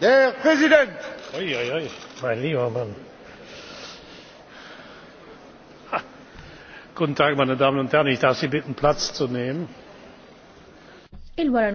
Der Präsident! Ui, ui, ui, mein lieber Mann. Guten Tag, meine Damen und Herren. Ich darf Sie bitten, Platz zu nehmen.